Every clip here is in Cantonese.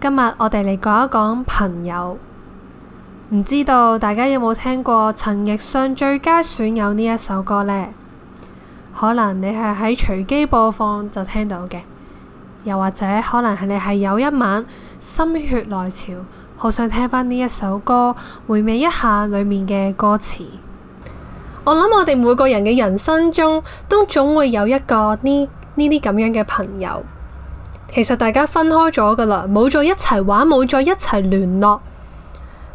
今日我哋嚟講一講朋友，唔知道大家有冇聽過陳奕迅最佳損友呢一首歌呢？可能你係喺隨機播放就聽到嘅，又或者可能係你係有一晚心血來潮，好想聽翻呢一首歌，回味一下裏面嘅歌詞。我諗我哋每個人嘅人生中，都總會有一個呢呢啲咁樣嘅朋友。其實大家分開咗噶啦，冇再一齊玩，冇再一齊聯絡，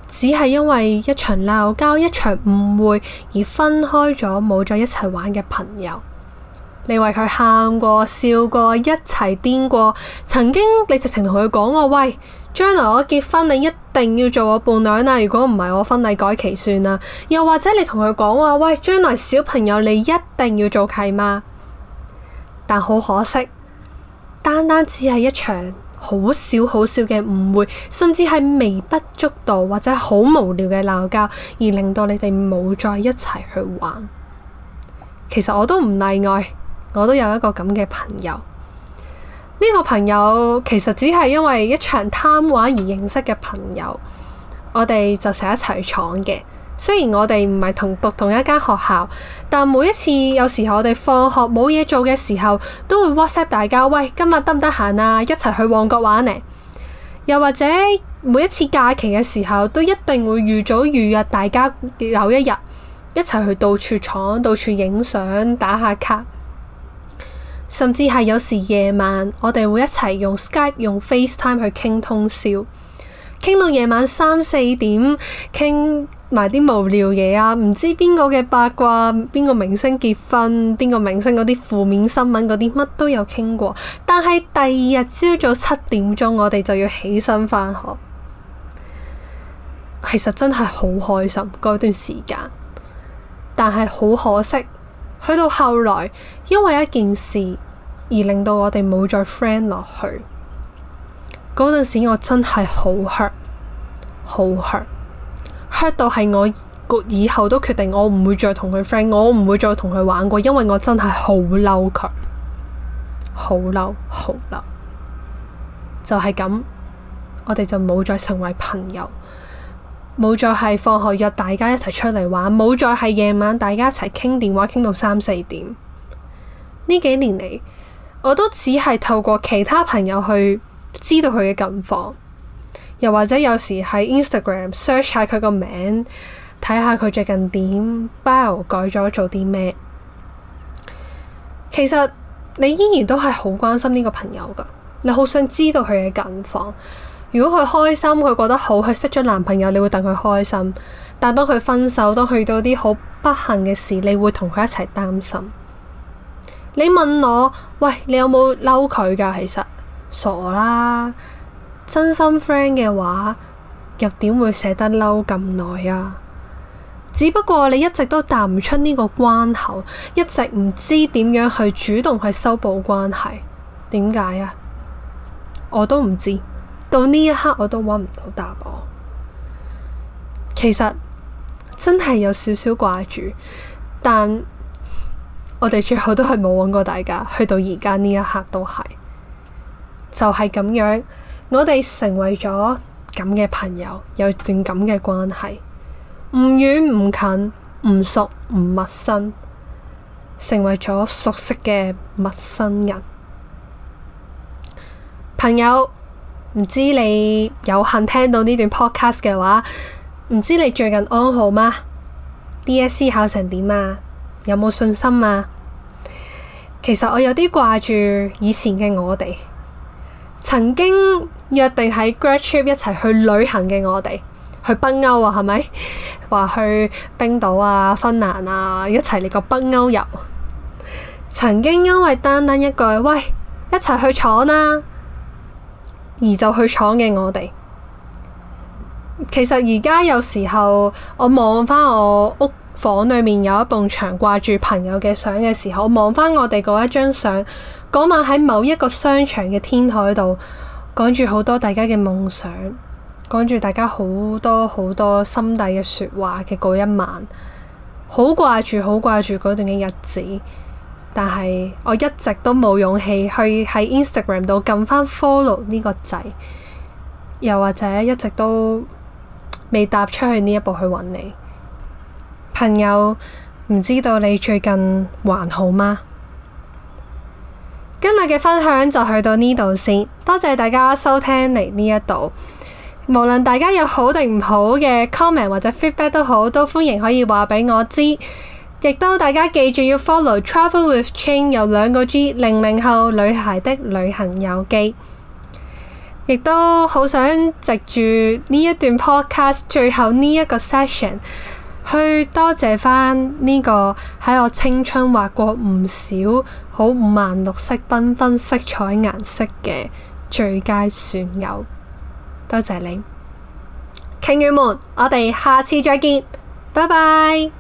只係因為一場鬧交、一場誤會而分開咗，冇再一齊玩嘅朋友。你為佢喊過、笑過、一齊癲過，曾經你直情同佢講過：「喂，將來我結婚，你一定要做我伴娘呀！如果唔係，我婚禮改期算啦。又或者你同佢講話：「喂，將來小朋友你一定要做契媽。但好可惜。單單只係一場好少好少嘅誤會，甚至係微不足道或者好無聊嘅鬧交，而令到你哋冇再一齊去玩。其實我都唔例外，我都有一個咁嘅朋友。呢個朋友其實只係因為一場貪玩而認識嘅朋友，我哋就成日一齊去闖嘅。雖然我哋唔係同讀同一間學校，但每一次有時候我哋放學冇嘢做嘅時候，都會 WhatsApp 大家，喂，今日得唔得閒啊？一齊去旺角玩呢？又或者每一次假期嘅時候，都一定會預早預約大家有一日一齊去到處闖、到處影相、打下卡，甚至係有時夜晚，我哋會一齊用 Skype、用 FaceTime 去傾通宵，傾到夜晚三四點，傾埋啲無聊嘢啊，唔知邊個嘅八卦，邊個明星結婚，邊個明星嗰啲負面新聞，嗰啲乜都有傾過。但係第二日朝早七點鐘，我哋就要起身返學。其實真係好開心嗰段時間，但係好可惜。去到後來，因為一件事而令到我哋冇再 friend 落去。嗰陣時我真係好 hurt，好 hurt。hurt 到係我以後都決定我唔會再同佢 friend，我唔會再同佢玩過，因為我真係好嬲佢，好嬲好嬲，就係咁，我哋就冇再成為朋友，冇再係放學約大家一齊出嚟玩，冇再係夜晚大家一齊傾電話傾到三四點。呢幾年嚟，我都只係透過其他朋友去知道佢嘅近況。又或者有時喺 Instagram search 下佢個名，睇下佢最近點，bio 改咗做啲咩？其實你依然都係好關心呢個朋友㗎，你好想知道佢嘅近況。如果佢開心，佢覺得好，佢識咗男朋友，你會等佢開心。但當佢分手，當佢遇到啲好不幸嘅事，你會同佢一齊擔心。你問我，喂，你有冇嬲佢㗎？其實傻啦～真心 friend 嘅話，又點會捨得嬲咁耐啊？只不過你一直都答唔出呢個關口，一直唔知點樣去主動去修補關係，點解啊？我都唔知，到呢一刻我都搵唔到答案。其實真係有少少掛住，但我哋最後都係冇搵過大家，去到而家呢一刻都係就係咁樣。我哋成為咗咁嘅朋友，有段咁嘅關係，唔遠唔近，唔熟唔陌生，成為咗熟悉嘅陌生人。朋友，唔知你有幸聽到呢段 podcast 嘅話，唔知你最近安好嗎？DSE 考成點啊？有冇信心啊？其實我有啲掛住以前嘅我哋，曾經。約定喺 grad trip 一齊去旅行嘅我哋，去北歐啊，係咪？話去冰島啊、芬蘭啊，一齊嚟個北歐遊。曾經因為單單一句喂，一齊去闖啦，而就去闖嘅我哋。其實而家有時候，我望返我屋房裡面有一埲牆掛住朋友嘅相嘅時候，我望返我哋嗰一張相，嗰晚喺某一個商場嘅天台度。講住好多大家嘅夢想，講住大家好多好多心底嘅說話嘅嗰一晚，好掛住好掛住嗰段嘅日子，但係我一直都冇勇氣去喺 Instagram 度撳翻 follow 呢個掣，又或者一直都未踏出去呢一步去揾你，朋友，唔知道你最近還好嗎？今日嘅分享就去到呢度先，多謝大家收聽嚟呢一度。無論大家有好定唔好嘅 comment 或者 feedback 都好，都歡迎可以話俾我知。亦都大家記住要 follow Travel with Ching 有兩個 G 零零後女孩的旅行遊記。亦都好想藉住呢一段 podcast，最後呢一個 session。去多謝翻呢個喺我青春畫過唔少好五顏六色、繽紛色彩顏色嘅最佳損友，多謝你，鯨魚們，我哋下次再見，拜拜。